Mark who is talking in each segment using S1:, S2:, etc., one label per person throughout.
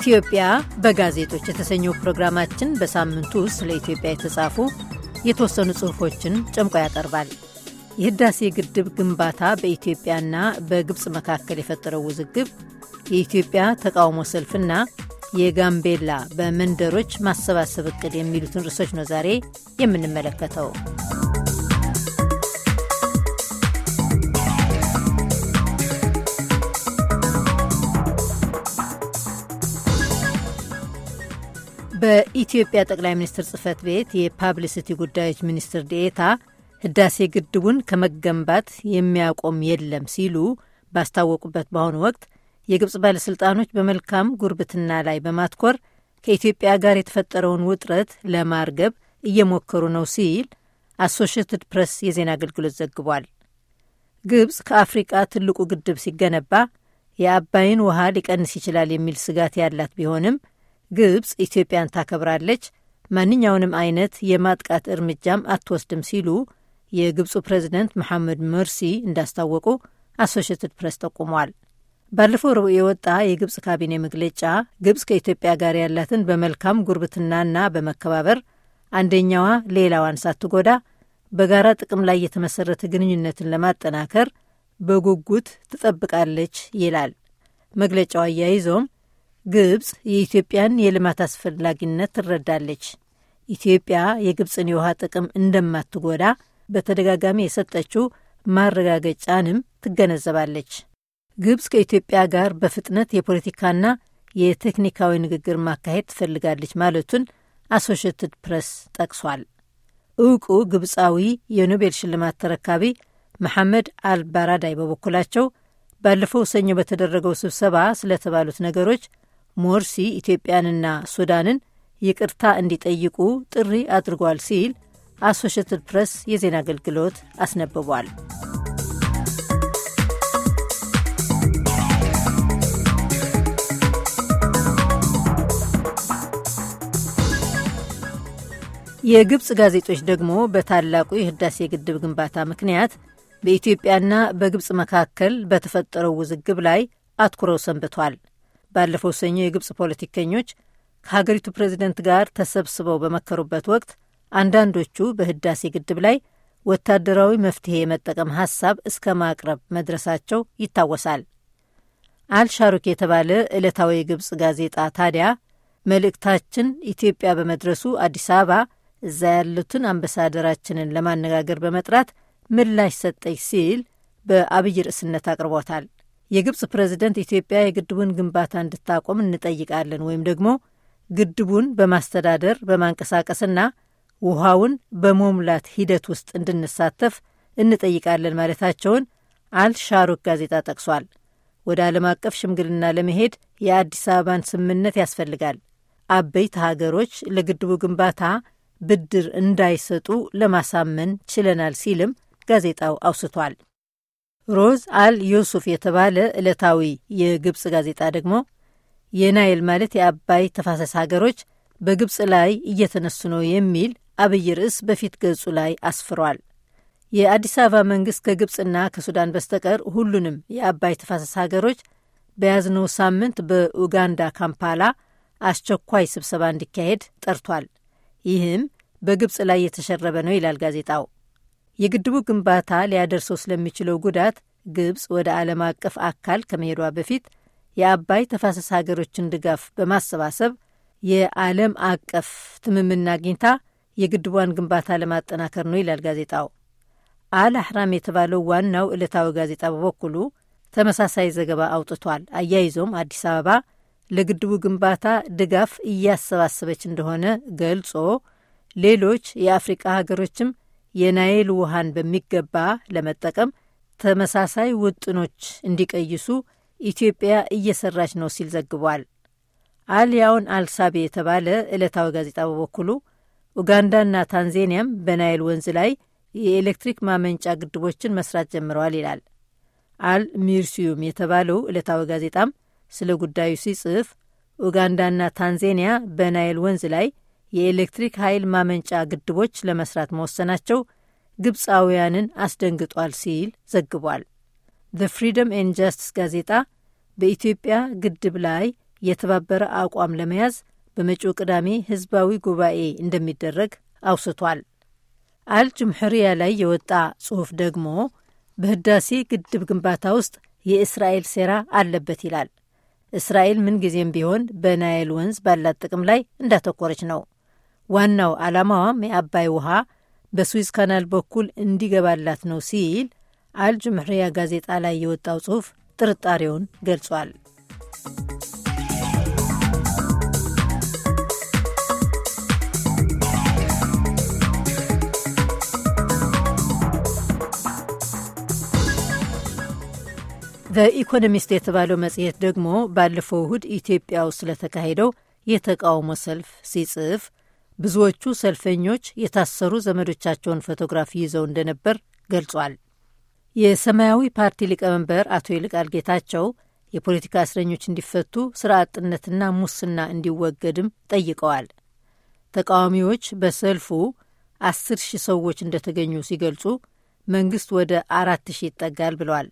S1: ኢትዮጵያ በጋዜጦች የተሰኘው ፕሮግራማችን በሳምንቱ ውስጥ ለኢትዮጵያ የተጻፉ የተወሰኑ ጽሑፎችን ጨምቆ ያቀርባል። የህዳሴ ግድብ ግንባታ በኢትዮጵያና በግብፅ መካከል የፈጠረው ውዝግብ፣ የኢትዮጵያ ተቃውሞ ሰልፍና የጋምቤላ በመንደሮች ማሰባሰብ ዕቅድ የሚሉትን ርዕሶች ነው ዛሬ የምንመለከተው። በኢትዮጵያ ጠቅላይ ሚኒስትር ጽህፈት ቤት የፓብሊሲቲ ጉዳዮች ሚኒስትር ዲኤታ ህዳሴ ግድቡን ከመገንባት የሚያቆም የለም ሲሉ ባስታወቁበት በአሁኑ ወቅት የግብፅ ባለሥልጣኖች በመልካም ጉርብትና ላይ በማትኮር ከኢትዮጵያ ጋር የተፈጠረውን ውጥረት ለማርገብ እየሞከሩ ነው ሲል አሶሽትድ ፕሬስ የዜና አገልግሎት ዘግቧል። ግብፅ ከአፍሪቃ ትልቁ ግድብ ሲገነባ የአባይን ውሃ ሊቀንስ ይችላል የሚል ስጋት ያላት ቢሆንም ግብፅ ኢትዮጵያን ታከብራለች፣ ማንኛውንም አይነት የማጥቃት እርምጃም አትወስድም ሲሉ የግብፁ ፕሬዚደንት መሐመድ መርሲ እንዳስታወቁ አሶሽትድ ፕሬስ ጠቁሟል። ባለፈው ረቡዕ የወጣ የግብፅ ካቢኔ መግለጫ ግብፅ ከኢትዮጵያ ጋር ያላትን በመልካም ጉርብትናና በመከባበር አንደኛዋ ሌላዋን ሳትጎዳ በጋራ ጥቅም ላይ የተመሰረተ ግንኙነትን ለማጠናከር በጉጉት ትጠብቃለች ይላል መግለጫው አያይዞም ግብፅ የኢትዮጵያን የልማት አስፈላጊነት ትረዳለች። ኢትዮጵያ የግብፅን የውሃ ጥቅም እንደማትጎዳ በተደጋጋሚ የሰጠችው ማረጋገጫንም ትገነዘባለች። ግብፅ ከኢትዮጵያ ጋር በፍጥነት የፖለቲካና የቴክኒካዊ ንግግር ማካሄድ ትፈልጋለች ማለቱን አሶሽትድ ፕሬስ ጠቅሷል። እውቁ ግብፃዊ የኖቤል ሽልማት ተረካቢ መሐመድ አልባራዳይ በበኩላቸው ባለፈው ሰኞ በተደረገው ስብሰባ ስለተባሉት ነገሮች ሞርሲ ኢትዮጵያንና ሱዳንን ይቅርታ እንዲጠይቁ ጥሪ አድርጓል ሲል አሶሽትድ ፕሬስ የዜና አገልግሎት አስነብቧል። የግብፅ ጋዜጦች ደግሞ በታላቁ የህዳሴ ግድብ ግንባታ ምክንያት በኢትዮጵያና በግብፅ መካከል በተፈጠረው ውዝግብ ላይ አትኩረው ሰንብቷል። ባለፈው ሰኞ የግብፅ ፖለቲከኞች ከሀገሪቱ ፕሬዚደንት ጋር ተሰብስበው በመከሩበት ወቅት አንዳንዶቹ በህዳሴ ግድብ ላይ ወታደራዊ መፍትሄ የመጠቀም ሀሳብ እስከ ማቅረብ መድረሳቸው ይታወሳል። አልሻሩክ የተባለ ዕለታዊ የግብፅ ጋዜጣ ታዲያ መልእክታችን ኢትዮጵያ በመድረሱ አዲስ አበባ እዛ ያሉትን አምባሳደራችንን ለማነጋገር በመጥራት ምላሽ ሰጠች ሲል በአብይ ርዕስነት አቅርቦታል። የግብፅ ፕሬዝደንት ኢትዮጵያ የግድቡን ግንባታ እንድታቆም እንጠይቃለን ወይም ደግሞ ግድቡን በማስተዳደር በማንቀሳቀስና ውሃውን በመሙላት ሂደት ውስጥ እንድንሳተፍ እንጠይቃለን ማለታቸውን አልሻሩክ ጋዜጣ ጠቅሷል። ወደ ዓለም አቀፍ ሽምግልና ለመሄድ የአዲስ አበባን ስምምነት ያስፈልጋል። አበይት ሀገሮች ለግድቡ ግንባታ ብድር እንዳይሰጡ ለማሳመን ችለናል ሲልም ጋዜጣው አውስቷል። ሮዝ አል ዮሱፍ የተባለ ዕለታዊ የግብፅ ጋዜጣ ደግሞ የናይል ማለት የአባይ ተፋሰስ ሀገሮች በግብፅ ላይ እየተነሱ ነው የሚል አብይ ርዕስ በፊት ገጹ ላይ አስፍሯል። የአዲስ አበባ መንግስት ከግብፅና ከሱዳን በስተቀር ሁሉንም የአባይ ተፋሰስ ሀገሮች በያዝነው ሳምንት በኡጋንዳ ካምፓላ አስቸኳይ ስብሰባ እንዲካሄድ ጠርቷል። ይህም በግብፅ ላይ የተሸረበ ነው ይላል ጋዜጣው። የግድቡ ግንባታ ሊያደርሰው ስለሚችለው ጉዳት ግብፅ ወደ ዓለም አቀፍ አካል ከመሄዷ በፊት የአባይ ተፋሰስ ሀገሮችን ድጋፍ በማሰባሰብ የዓለም አቀፍ ትምምና አግኝታ የግድቧን ግንባታ ለማጠናከር ነው ይላል ጋዜጣው። አል አህራም የተባለው ዋናው ዕለታዊ ጋዜጣ በበኩሉ ተመሳሳይ ዘገባ አውጥቷል። አያይዞም አዲስ አበባ ለግድቡ ግንባታ ድጋፍ እያሰባሰበች እንደሆነ ገልጾ ሌሎች የአፍሪቃ ሀገሮችም የናይል ውሃን በሚገባ ለመጠቀም ተመሳሳይ ውጥኖች እንዲቀይሱ ኢትዮጵያ እየሰራች ነው ሲል ዘግቧል። አልያውን አልሳቤ የተባለ ዕለታዊ ጋዜጣ በበኩሉ ኡጋንዳና ታንዜኒያም በናይል ወንዝ ላይ የኤሌክትሪክ ማመንጫ ግድቦችን መስራት ጀምረዋል ይላል። አል ሚርሲዩም የተባለው ዕለታዊ ጋዜጣም ስለ ጉዳዩ ሲጽፍ ኡጋንዳና ታንዜኒያ በናይል ወንዝ ላይ የኤሌክትሪክ ኃይል ማመንጫ ግድቦች ለመስራት መወሰናቸው ግብፃውያንን አስደንግጧል ሲል ዘግቧል። ዘ ፍሪደም ኤን ጃስትስ ጋዜጣ በኢትዮጵያ ግድብ ላይ የተባበረ አቋም ለመያዝ በመጪው ቅዳሜ ህዝባዊ ጉባኤ እንደሚደረግ አውስቷል። አልጅምሕርያ ላይ የወጣ ጽሑፍ ደግሞ በህዳሴ ግድብ ግንባታ ውስጥ የእስራኤል ሴራ አለበት ይላል። እስራኤል ምንጊዜም ቢሆን በናይል ወንዝ ባላት ጥቅም ላይ እንዳተኮረች ነው። ዋናው ዓላማዋም የአባይ ውሃ በስዊዝ ካናል በኩል እንዲገባላት ነው ሲል አልጅምሕርያ ጋዜጣ ላይ የወጣው ጽሑፍ ጥርጣሬውን ገልጿል። በኢኮኖሚስት የተባለው መጽሔት ደግሞ ባለፈው እሁድ ኢትዮጵያ ውስጥ ስለተካሄደው የተቃውሞ ሰልፍ ሲጽፍ ብዙዎቹ ሰልፈኞች የታሰሩ ዘመዶቻቸውን ፎቶግራፍ ይዘው እንደነበር ገልጿል። የሰማያዊ ፓርቲ ሊቀመንበር አቶ ይልቃል ጌታቸው የፖለቲካ እስረኞች እንዲፈቱ፣ ስራ አጥነትና ሙስና እንዲወገድም ጠይቀዋል። ተቃዋሚዎች በሰልፉ አስር ሺህ ሰዎች እንደተገኙ ሲገልጹ መንግስት ወደ አራት ሺህ ይጠጋል ብለዋል።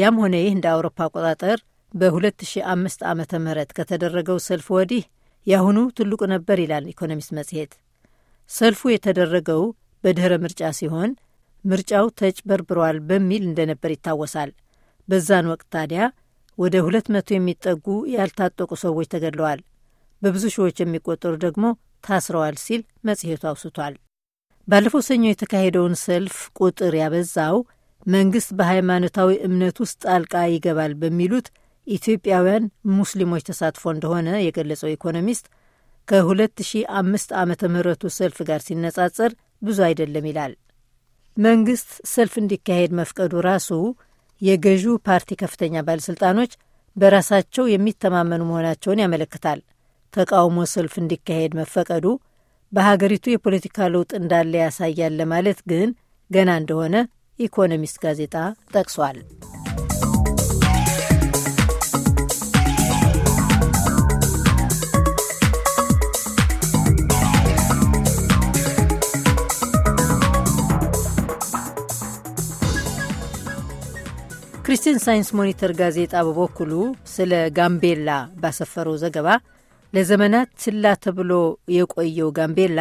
S1: ያም ሆነ ይህ እንደ አውሮፓ አቆጣጠር በ2005 ዓ ም ከተደረገው ሰልፍ ወዲህ የአሁኑ ትልቁ ነበር ይላል ኢኮኖሚስት መጽሔት። ሰልፉ የተደረገው በድኅረ ምርጫ ሲሆን ምርጫው ተጭበርብሯል በሚል እንደነበር ይታወሳል። በዛን ወቅት ታዲያ ወደ ሁለት መቶ የሚጠጉ ያልታጠቁ ሰዎች ተገድለዋል፣ በብዙ ሺዎች የሚቆጠሩ ደግሞ ታስረዋል ሲል መጽሔቱ አውስቷል። ባለፈው ሰኞ የተካሄደውን ሰልፍ ቁጥር ያበዛው መንግሥት በሃይማኖታዊ እምነት ውስጥ ጣልቃ ይገባል በሚሉት ኢትዮጵያውያን ሙስሊሞች ተሳትፎ እንደሆነ የገለጸው ኢኮኖሚስት ከ2005 ዓ ምህረቱ ሰልፍ ጋር ሲነጻጸር ብዙ አይደለም ይላል። መንግስት ሰልፍ እንዲካሄድ መፍቀዱ ራሱ የገዢው ፓርቲ ከፍተኛ ባለሥልጣኖች በራሳቸው የሚተማመኑ መሆናቸውን ያመለክታል። ተቃውሞ ሰልፍ እንዲካሄድ መፈቀዱ በሀገሪቱ የፖለቲካ ለውጥ እንዳለ ያሳያል ለማለት ግን ገና እንደሆነ ኢኮኖሚስት ጋዜጣ ጠቅሷል። የኦፕን ሳይንስ ሞኒተር ጋዜጣ በበኩሉ ስለ ጋምቤላ ባሰፈረው ዘገባ ለዘመናት ችላ ተብሎ የቆየው ጋምቤላ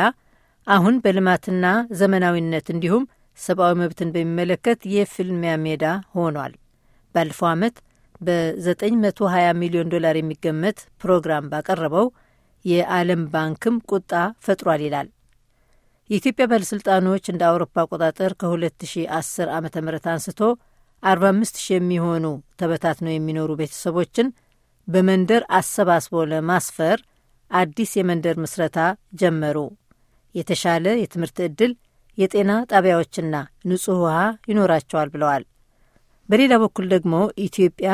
S1: አሁን በልማትና ዘመናዊነት እንዲሁም ሰብአዊ መብትን በሚመለከት የፍልሚያ ሜዳ ሆኗል። ባለፈው ዓመት በ920 ሚሊዮን ዶላር የሚገመት ፕሮግራም ባቀረበው የዓለም ባንክም ቁጣ ፈጥሯል ይላል። የኢትዮጵያ ባለሥልጣኖች እንደ አውሮፓ አቆጣጠር ከ2010 ዓ ም አንስቶ 45 ሺህ የሚሆኑ ተበታትነው የሚኖሩ ቤተሰቦችን በመንደር አሰባስቦ ለማስፈር አዲስ የመንደር ምስረታ ጀመሩ። የተሻለ የትምህርት ዕድል፣ የጤና ጣቢያዎችና ንጹሕ ውሃ ይኖራቸዋል ብለዋል። በሌላ በኩል ደግሞ ኢትዮጵያ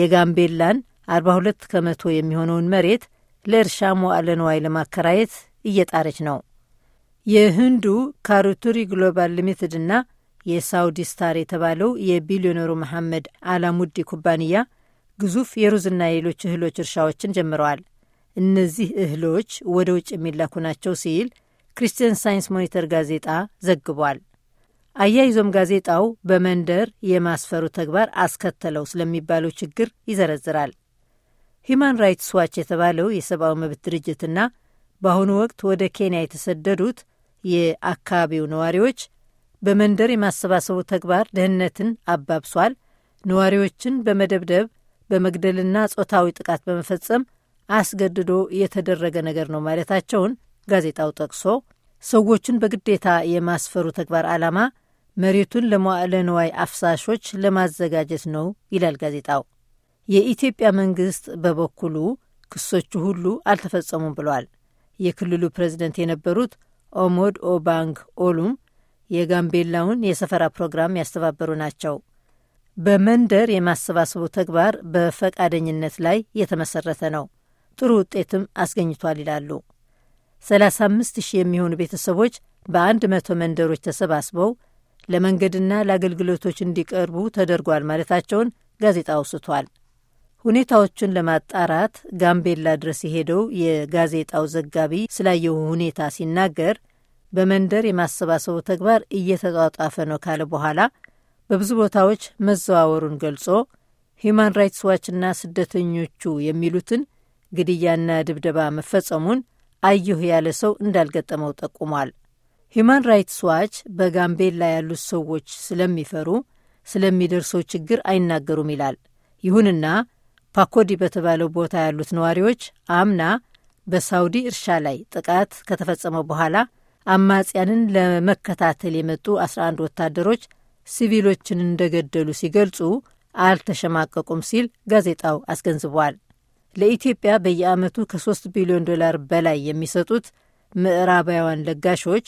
S1: የጋምቤላን 42 ከመቶ የሚሆነውን መሬት ለእርሻ መዋዕለ ንዋይ ለማከራየት እየጣረች ነው። የህንዱ ካሩቱሪ ግሎባል ሊሚትድ ና የሳውዲ ስታር የተባለው የቢሊዮነሩ መሐመድ አላሙዲ ኩባንያ ግዙፍ የሩዝና የሌሎች እህሎች እርሻዎችን ጀምረዋል። እነዚህ እህሎች ወደ ውጭ የሚላኩ ናቸው ሲል ክርስቲያን ሳይንስ ሞኒተር ጋዜጣ ዘግቧል። አያይዞም ጋዜጣው በመንደር የማስፈሩ ተግባር አስከተለው ስለሚባለው ችግር ይዘረዝራል። ሂማን ራይትስ ዋች የተባለው የሰብአዊ መብት ድርጅትና በአሁኑ ወቅት ወደ ኬንያ የተሰደዱት የአካባቢው ነዋሪዎች በመንደር የማሰባሰቡ ተግባር ደህንነትን አባብሷል፣ ነዋሪዎችን በመደብደብ በመግደልና ጾታዊ ጥቃት በመፈጸም አስገድዶ የተደረገ ነገር ነው ማለታቸውን ጋዜጣው ጠቅሶ ሰዎችን በግዴታ የማስፈሩ ተግባር ዓላማ መሬቱን ለመዋዕለ ንዋይ አፍሳሾች ለማዘጋጀት ነው ይላል ጋዜጣው። የኢትዮጵያ መንግስት በበኩሉ ክሶቹ ሁሉ አልተፈጸሙም ብሏል። የክልሉ ፕሬዝደንት የነበሩት ኦሞድ ኦባንግ ኦሉም የጋምቤላውን የሰፈራ ፕሮግራም ያስተባበሩ ናቸው። በመንደር የማሰባሰቡ ተግባር በፈቃደኝነት ላይ የተመሰረተ ነው፣ ጥሩ ውጤትም አስገኝቷል ይላሉ። 35 ሺህ የሚሆኑ ቤተሰቦች በአንድ መቶ መንደሮች ተሰባስበው ለመንገድና ለአገልግሎቶች እንዲቀርቡ ተደርጓል ማለታቸውን ጋዜጣ አውስቷል። ሁኔታዎቹን ለማጣራት ጋምቤላ ድረስ የሄደው የጋዜጣው ዘጋቢ ስላየው ሁኔታ ሲናገር በመንደር የማሰባሰቡ ተግባር እየተጧጧፈ ነው ካለ በኋላ በብዙ ቦታዎች መዘዋወሩን ገልጾ ሂዩማን ራይትስ ዋችና ስደተኞቹ የሚሉትን ግድያና ድብደባ መፈጸሙን አየሁ ያለ ሰው እንዳልገጠመው ጠቁሟል። ሂዩማን ራይትስ ዋች በጋምቤላ ያሉት ሰዎች ስለሚፈሩ ስለሚደርሰው ችግር አይናገሩም ይላል። ይሁንና ፓኮዲ በተባለው ቦታ ያሉት ነዋሪዎች አምና በሳውዲ እርሻ ላይ ጥቃት ከተፈጸመ በኋላ አማጽያንን ለመከታተል የመጡ 11 ወታደሮች ሲቪሎችን እንደገደሉ ሲገልጹ አልተሸማቀቁም ሲል ጋዜጣው አስገንዝቧል። ለኢትዮጵያ በየዓመቱ ከ3 ቢሊዮን ዶላር በላይ የሚሰጡት ምዕራባውያን ለጋሾች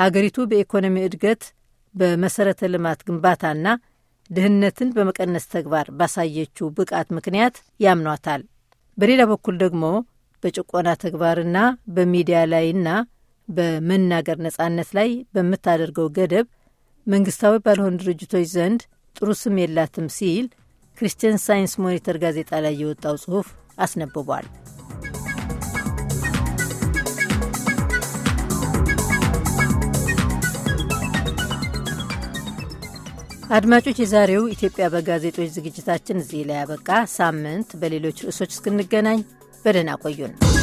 S1: ሀገሪቱ በኢኮኖሚ እድገት፣ በመሠረተ ልማት ግንባታና ድህነትን በመቀነስ ተግባር ባሳየችው ብቃት ምክንያት ያምኗታል። በሌላ በኩል ደግሞ በጭቆና ተግባርና በሚዲያ ላይና በመናገር ነጻነት ላይ በምታደርገው ገደብ መንግስታዊ ባልሆኑ ድርጅቶች ዘንድ ጥሩ ስም የላትም ሲል ክርስቲያን ሳይንስ ሞኒተር ጋዜጣ ላይ የወጣው ጽሑፍ አስነብቧል። አድማጮች፣ የዛሬው ኢትዮጵያ በጋዜጦች ዝግጅታችን እዚህ ላይ ያበቃ። ሳምንት በሌሎች ርዕሶች እስክንገናኝ በደህና ቆዩን።